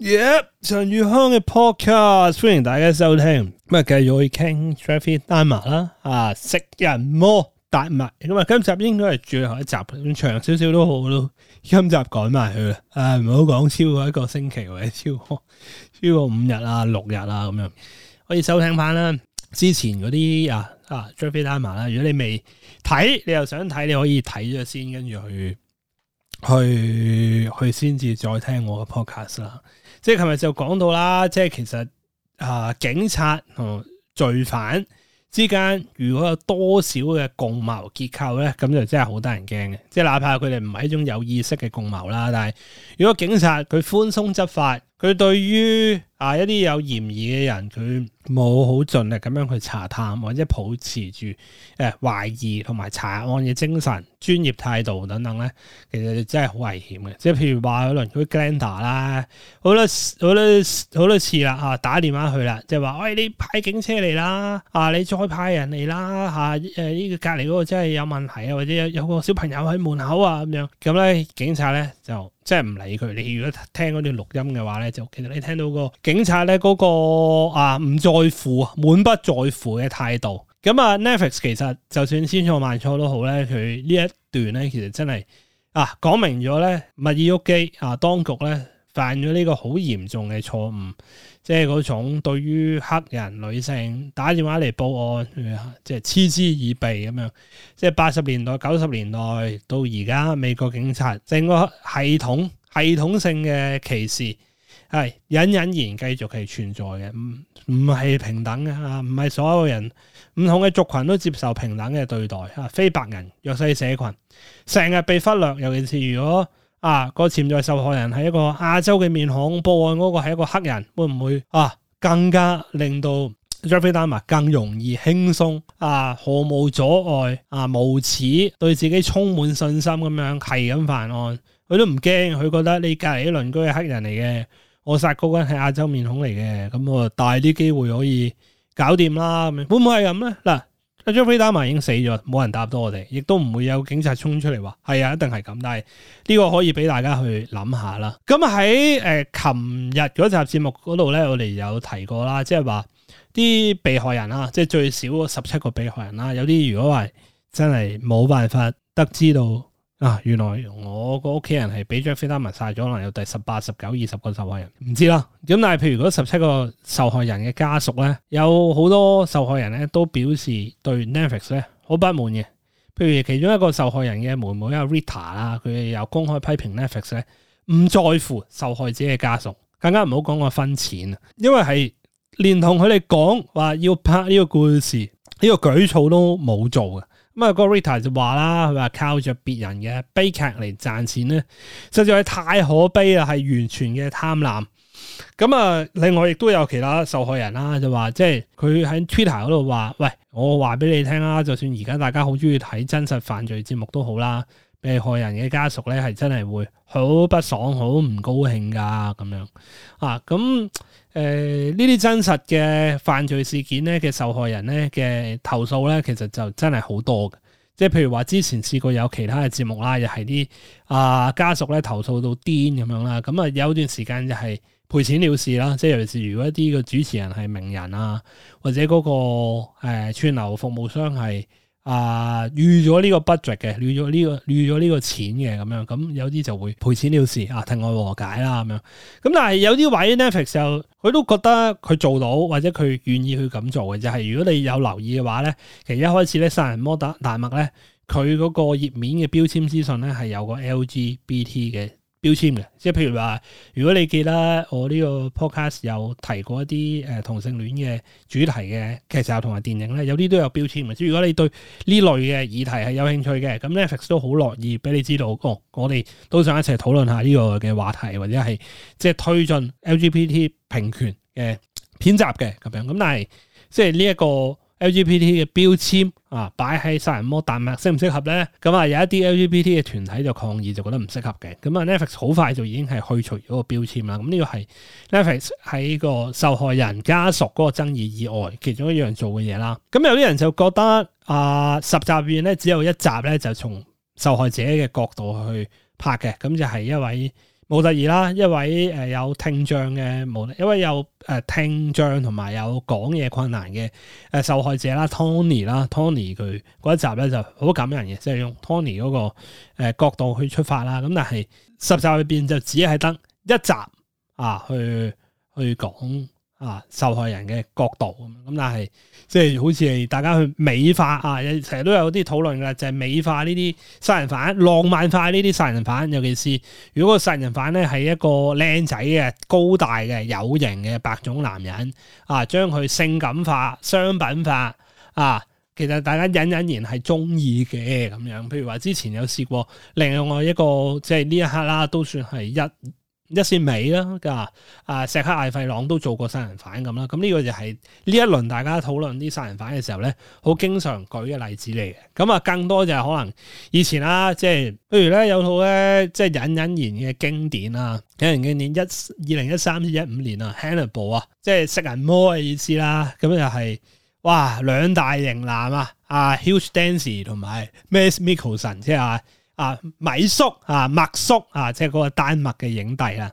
耶！yeah, 陳宇康嘅 podcast，歡迎大家收聽。咁啊，繼續去傾 Jeffrey Dahmer 啦，啊，食人魔達默。咁啊，今集應該係最後一集，長少少都好咯。今集趕埋佢啦，啊，唔好講超過一個星期或者超過超過五日啊、六日啊咁樣。可以收聽翻啦，之前嗰啲啊啊 Jeffrey Dahmer 啦，如果你未睇，你又想睇，你可以睇咗先，跟住去。去去先至再聽我嘅 podcast 啦，即係琴日就講到啦，即係其實啊，警察同罪犯之間如果有多少嘅共謀結構咧，咁就真係好得人驚嘅，即係哪怕佢哋唔係一種有意識嘅共謀啦，但係如果警察佢寬鬆執法，佢對於。啊！一啲有嫌疑嘅人，佢冇好盡力咁樣去查探，或者抱持住誒懷疑同埋查案嘅精神、專業態度等等咧，其實真係好危險嘅。即係譬如話，可能嗰啲 Glander 啦、er，好多好多好多次啦嚇、啊，打電話去啦，即係話：喂，你派警車嚟啦！啊，你再派人嚟啦嚇！誒、啊，呢、呃呢個隔離嗰個真係有問題啊，或者有有個小朋友喺門口啊咁樣。咁咧，警察咧就。即係唔理佢，你如果聽嗰段錄音嘅話咧，就其實你聽到個警察咧、那、嗰個啊唔在乎、滿不在乎嘅態度，咁啊 Netflix 其實就算千錯萬錯都好咧，佢呢一段咧其實真係啊講明咗咧密爾沃基啊，當局咧。犯咗呢個好嚴重嘅錯誤，即係嗰種對於黑人女性打電話嚟報案，即係嗤之以鼻咁樣。即係八十年代、九十年代到而家，美國警察整個系統、系統性嘅歧視，係隱隱然繼續係存在嘅，唔唔係平等嘅吓，唔係所有人唔同嘅族群都接受平等嘅對待吓，非白人弱勢社群成日被忽略，尤其是如果。啊！個潛在受害人係一個亞洲嘅面孔，報案嗰個係一個黑人，會唔會啊？更加令到 Jeffrey Dahmer 更容易輕鬆啊，毫無阻礙啊，無恥，啊，無恥對自己充滿信心咁樣係咁犯案，佢都唔驚，佢覺得你隔離啲鄰居係黑人嚟嘅，我殺嗰人係亞洲面孔嚟嘅，咁我大啲機會可以搞掂啦，咁樣會唔會係咁咧？嗱。阿張飛打埋已經死咗，冇人搭到我哋，亦都唔會有警察衝出嚟話係啊，一定係咁。但係呢個可以俾大家去諗下啦。咁喺誒，琴日嗰集節目嗰度咧，我哋有提過啦，即係話啲被害人啊，即係最少十七個被害人啦，有啲如果係真係冇辦法得知到。啊！原來我個屋企人係俾張飛單文晒咗，可能有第十八、十九、二十個受害人，唔知啦。咁但係，譬如嗰十七個受害人嘅家屬咧，有好多受害人咧都表示對 Netflix 咧好不滿嘅。譬如其中一個受害人嘅妹妹阿 Rita 啦，佢哋又公開批評 Netflix 咧，唔在乎受害者嘅家屬，更加唔好講我分錢啊！因為係連同佢哋講話要拍呢個故事，呢個舉措都冇做嘅。咁啊，個 Rita 就話啦，佢話靠着別人嘅悲劇嚟賺錢咧，實在係太可悲啦，係完全嘅貪婪。咁啊，另外亦都有其他受害人啦，就話即係佢喺 Twitter 嗰度話，喂，我話俾你聽啦，就算而家大家好中意睇真實犯罪節目都好啦，被害人嘅家屬咧係真係會好不爽，好唔高興噶咁樣啊，咁。誒，呢啲、呃、真實嘅犯罪事件咧嘅受害人咧嘅投訴咧，其實就真係好多嘅。即係譬如話之前試過有其他嘅節目啦，又係啲啊家屬咧投訴到癲咁樣啦。咁啊，有段時間就係賠錢了事啦。即係尤其是如果一啲個主持人係名人啊，或者嗰、嗰個、呃、串流服務商係。啊，預咗呢個 budget 嘅，預咗呢、呢個預咗呢個錢嘅咁樣，咁有啲就會賠錢了事啊，庭外和解啦咁樣。咁但係有啲位呢，Netflix 就，佢都覺得佢做到或者佢願意去咁做嘅，就係、係、如果你有留意嘅話咧，其實一開始咧，殺人魔打大麥咧，佢嗰個頁面嘅標籤資訊咧係有個 LGBT 嘅。標籤嘅，即係譬如話，如果你記得我呢個 podcast 有提過一啲誒同性戀嘅主題嘅劇集同埋電影咧，有啲都有標籤嘅。即係如果你對呢類嘅議題係有興趣嘅，咁 Netflix 都好樂意俾你知道，哦，我哋都想一齊討論下呢個嘅話題，或者係即係推進 LGBT 平權嘅片集嘅咁樣。咁但係即係呢一個。LGBT 嘅標籤啊，擺喺殺人魔彈脈適唔適合咧？咁、嗯、啊，有一啲 LGBT 嘅團體就抗議，就覺得唔適合嘅。咁、嗯、啊，Netflix 好快就已經係去除咗個標籤啦。咁呢個係 Netflix 喺個受害人家屬嗰個爭議以外，其中一樣做嘅嘢啦。咁、嗯、有啲人就覺得啊、呃，十集片咧，只有一集咧就從受害者嘅角度去拍嘅，咁、嗯、就係、是、一位。冇第二啦，一位誒有聽障嘅冇，因為有誒聽障同埋有講嘢困難嘅誒受害者啦，Tony 啦，Tony 佢嗰一集咧就好感人嘅，即係用 Tony 嗰個誒角度去出發啦。咁但係十集入邊就只係得一集啊，去去講。啊！受害人嘅角度咁，咁但係即係好似係大家去美化啊，成日都有啲討論㗎，就係美化呢啲殺人犯，浪漫化呢啲殺人犯，尤其是如果個殺人犯咧係一個靚仔嘅、高大嘅、有型嘅白種男人啊，將佢性感化、商品化啊，其實大家隱隱然係中意嘅咁樣。譬如話之前有試過，另外一個即係呢一刻啦，都算係一。一線尾啦，咁啊，石克艾費朗都做過殺人犯咁啦，咁呢個就係呢一輪大家討論啲殺人犯嘅時候咧，好經常舉嘅例子嚟嘅。咁啊，更多就係可能以前啦，即係譬如咧有套咧，即係隱隱然嘅經典啊，幾人幾年一二零一三至一五年啊，Hannibal 啊，Hannibal，即係食人魔嘅意思啦，咁就係、係、哇兩大型男啊，啊 Hugh Dancy 同埋 Mads Mikkelsen，即係。啊，米叔啊，麥叔啊，即係嗰個丹麥嘅影帝啦。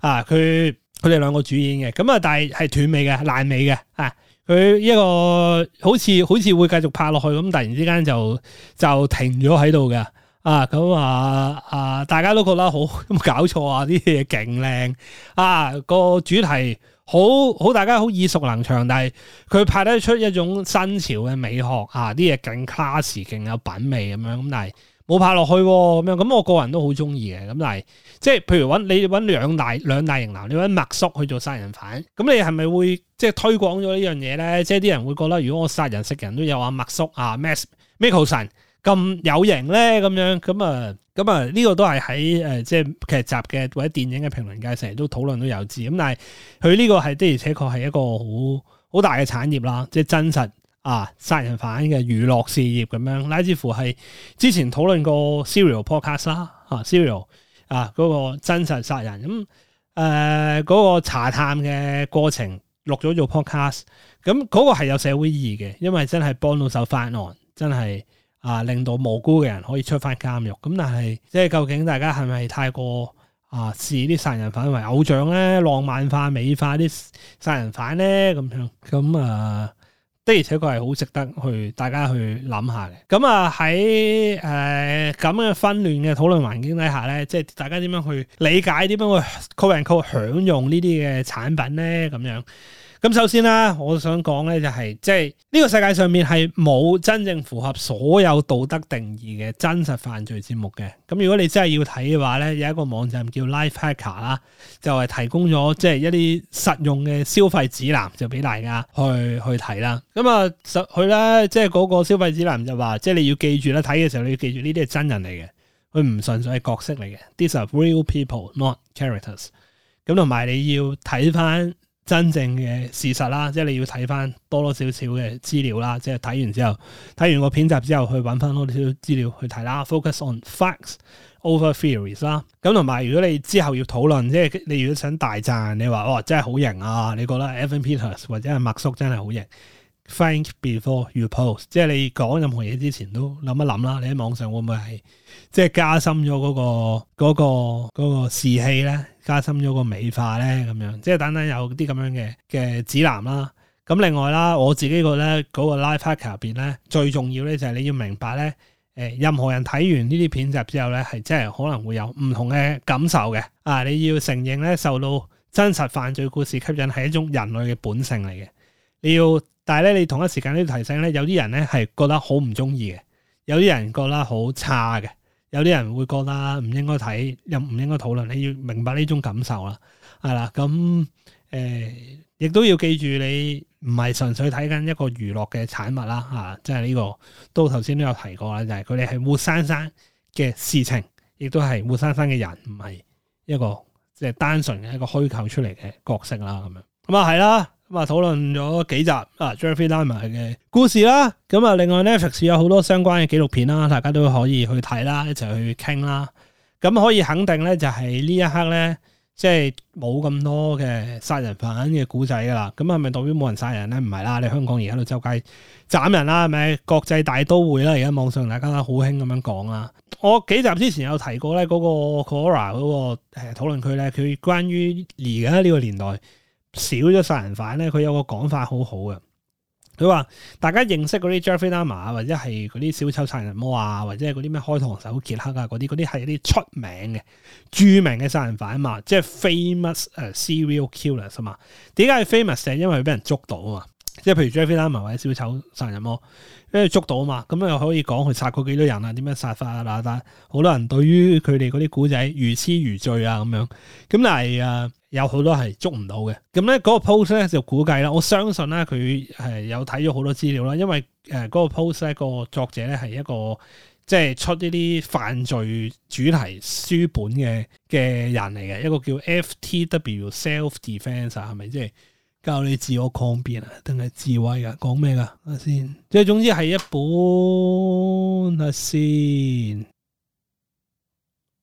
啊，啊，佢佢哋兩個主演嘅，咁啊，但係係斷尾嘅爛尾嘅。啊，佢一個好似好似會繼續拍落去，咁突然之間就就停咗喺度嘅。啊，咁啊啊，大家都覺得好冇搞錯啊！啲嘢勁靚啊，個主題好好，好大家好耳熟能詳，但係佢拍得出一種新潮嘅美學啊，啲嘢勁 classy 勁有品味咁樣，咁但係，冇拍落去咁樣，咁我個人都好中意嘅。咁但係即係譬如揾你揾兩大兩大型男，你揾麥叔去做殺人犯，咁你係咪會即係推廣咗呢樣嘢咧？即係啲人會覺得，如果我殺人食人都有啊，麥叔啊，Mads Mikkelsen 咁有型咧，咁樣咁啊咁啊呢、啊這個都係喺誒即係劇集嘅或者電影嘅評論界成日都討論都有字。咁但係佢呢個係的而且確係一個好好大嘅產業啦，即係真實。啊！殺人犯嘅娛樂事業咁樣，乃至乎係之前討論過 Serial Podcast 啦、啊，嚇 Serial 啊嗰、那個真實殺人咁誒嗰個查探嘅過程錄咗做 Podcast，咁、嗯、嗰、那個係有社會意義嘅，因為真係幫到手翻案，真係啊令到無辜嘅人可以出翻監獄。咁、嗯、但係即係究竟大家係咪太過啊視啲殺人犯為偶像咧，浪漫化美化啲殺人犯咧咁樣？咁、嗯嗯、啊～的而且確係好值得去大家去諗下嘅。咁啊喺誒咁嘅紛亂嘅討論環境底下咧，即係大家點樣去理解，點樣去 call and call 享用呢啲嘅產品咧？咁樣咁首先啦，我想講咧就係即係呢個世界上面係冇真正符合所有道德定義嘅真實犯罪節目嘅。咁如果你真係要睇嘅話咧，有一個網站叫 Lifehacker 啦，就係提供咗即係一啲實用嘅消費指南，就俾大家去去睇啦。咁啊，實佢咧，即係嗰個消費指南就話，即係你要記住啦，睇嘅時候你要記住呢啲係真人嚟嘅，佢唔純粹係角色嚟嘅 These are real people, not characters。咁同埋你要睇翻真正嘅事實啦，即係你要睇翻多多少少嘅資料啦，即係睇完之後，睇完個片集之後，去揾翻多多少少資料去睇啦，focus on facts over theories 啦。咁同埋如果你之後要討論，即係你如果想大讚，你話哇、哦、真係好型啊，你覺得 Evan Peters 或者係麥叔真係好型。Think before you post，即係你講任何嘢之前都諗一諗啦。你喺網上會唔會係即係加深咗嗰個嗰個嗰個士氣咧？加深咗個美化咧？咁樣即係等等有啲咁樣嘅嘅指南啦。咁另外啦，我自己覺咧嗰個 Lifehacker 入邊咧最重要咧就係你要明白咧，誒任何人睇完呢啲片集之後咧係真係可能會有唔同嘅感受嘅。啊，你要承認咧受到真實犯罪故事吸引係一種人類嘅本性嚟嘅。你要，但係咧，你同一時間呢提醒咧，有啲人咧係覺得好唔中意嘅，有啲人覺得好差嘅，有啲人會覺得唔應該睇，又唔應該討論。你要明白呢種感受啦，係啦，咁誒、呃，亦都要記住，你唔係純粹睇緊一個娛樂嘅產物啦，吓，即係呢個，都頭先都有提過啦，就係佢哋係活生生嘅事情，亦都係活生生嘅人，唔係一個即係、就是、單純嘅一個虛構出嚟嘅角色啦，咁樣，咁啊係啦。咁啊，討論咗幾集啊 Jeffrey Dahmer 嘅故事啦。咁、嗯、啊，另外 Netflix 有好多相關嘅紀錄片啦，大家都可以去睇啦，一齊去傾啦。咁、嗯、可以肯定咧，就係、是、呢一刻咧，即係冇咁多嘅殺人犯嘅古仔㗎喇。咁係咪代表冇人殺人咧？唔係啦，你香港而家喺度周街斬人啦，係咪？國際大都會啦，而家網上大家好興咁樣講啦。我幾集之前有提過咧，嗰、那個 Cora 嗰個誒討論區咧，佢關於而家呢個年代。少咗殺人犯咧，佢有個講法好好嘅。佢話：大家認識嗰啲 Jeffrey Dahmer 啊，或者係嗰啲小丑殺人魔啊，或者係嗰啲咩開膛手傑克啊嗰啲，嗰啲係一啲出名嘅著名嘅殺人犯啊、uh, 嘛，即係 famous 誒 serial killers 啊嘛。點解係 famous 嘅？因為佢俾人捉到啊嘛。即係譬如 Javier m a 小丑殺人魔，因住捉到啊嘛，咁又可以講佢殺過幾多人啊？點樣殺法啊？但係好多人對於佢哋嗰啲古仔如痴如醉啊咁樣。咁但係啊，有好多係捉唔到嘅。咁咧嗰個 post 咧就估計啦，我相信咧佢係有睇咗好多資料啦，因為誒嗰個 post 咧個作者咧係一個即係出呢啲犯罪主題書本嘅嘅人嚟嘅，一個叫 FTW Self Defense 係咪即係？教你自我抗辯啊，定係智慧啊，講咩噶？先，即係總之係一本啊先，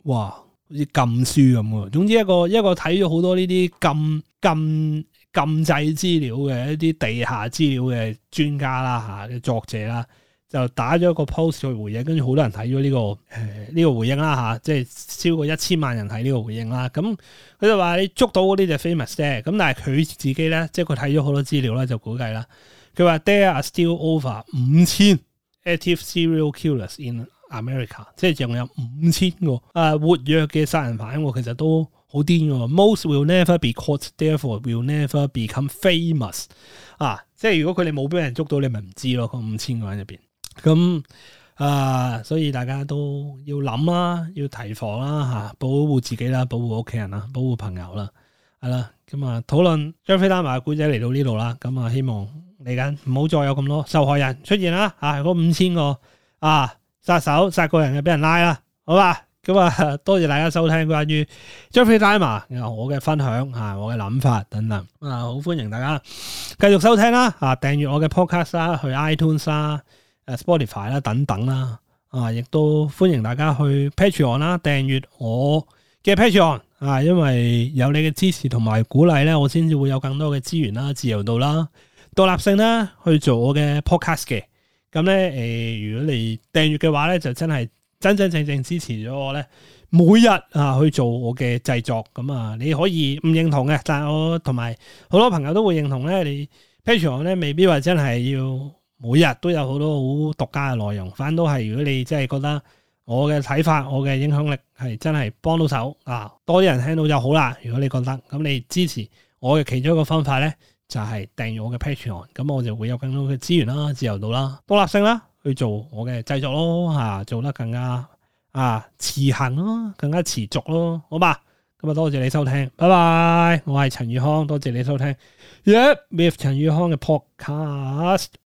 哇，好似禁書咁嘅。總之一個一個睇咗好多呢啲禁禁禁制資料嘅一啲地下資料嘅專家啦吓嘅作者啦。就打咗一個 post 去回應，跟住好多人睇咗呢個誒呢、呃這個回應啦吓、啊，即係超過一千萬人睇呢個回應啦。咁、啊、佢、嗯、就話你捉到啲就係 famous dead，、啊、咁但係佢自己咧，即係佢睇咗好多資料啦，就估計啦。佢話 there are still over 五千 active serial killers in America，即係仲有五千個啊活躍嘅殺人犯喎，其實都好癲嘅喎。Most will never be caught，therefore will never become famous。啊，即係如果佢哋冇俾人捉到，你咪唔知咯。五千個人入邊。咁啊，所以大家都要諗啦，要提防啦，吓、啊、保護自己啦，保護屋企人啦，保護朋友啦，係啦。咁啊，討論張飛拉麻嘅古仔嚟到呢度啦。咁啊，希望嚟緊唔好再有咁多受害人出現啦。吓，嗰五千個啊，殺、啊、手殺過人嘅俾人拉啦，好嘛？咁啊，多謝大家收聽關於張飛拉麻我嘅分享吓、啊，我嘅諗法等等。啊，好歡迎大家繼續收聽啦。啊，訂閱我嘅 podcast 啦，去 iTunes 啦。誒，Spotify 啦，等等啦，啊，亦都歡迎大家去 Patreon 啦，訂閱我嘅 Patreon 啊，因為有你嘅支持同埋鼓勵咧，我先至會有更多嘅資源啦、自由度啦、獨立性啦，去做我嘅 podcast 嘅。咁咧，誒，如果你訂閱嘅話咧，就真係真真正正支持咗我咧，每日啊去做我嘅製作。咁啊，你可以唔認同嘅，但係我同埋好多朋友都會認同咧，你 Patreon 咧未必話真係要。每日都有好多好獨家嘅內容，反正都係如果你真係覺得我嘅睇法、我嘅影響力係真係幫到手啊，多啲人聽到就好啦。如果你覺得咁，你支持我嘅其中一個方法咧，就係、是、訂閱我嘅 Patreon 咁我就會有更多嘅資源啦、自由度啦、獨立性啦，去做我嘅製作咯嚇、啊，做得更加啊，持恆咯，更加持續咯，好嘛？咁啊，多謝你收聽，拜拜！我係陳宇康，多謝你收聽，約、yeah, with 陳宇康嘅 Podcast。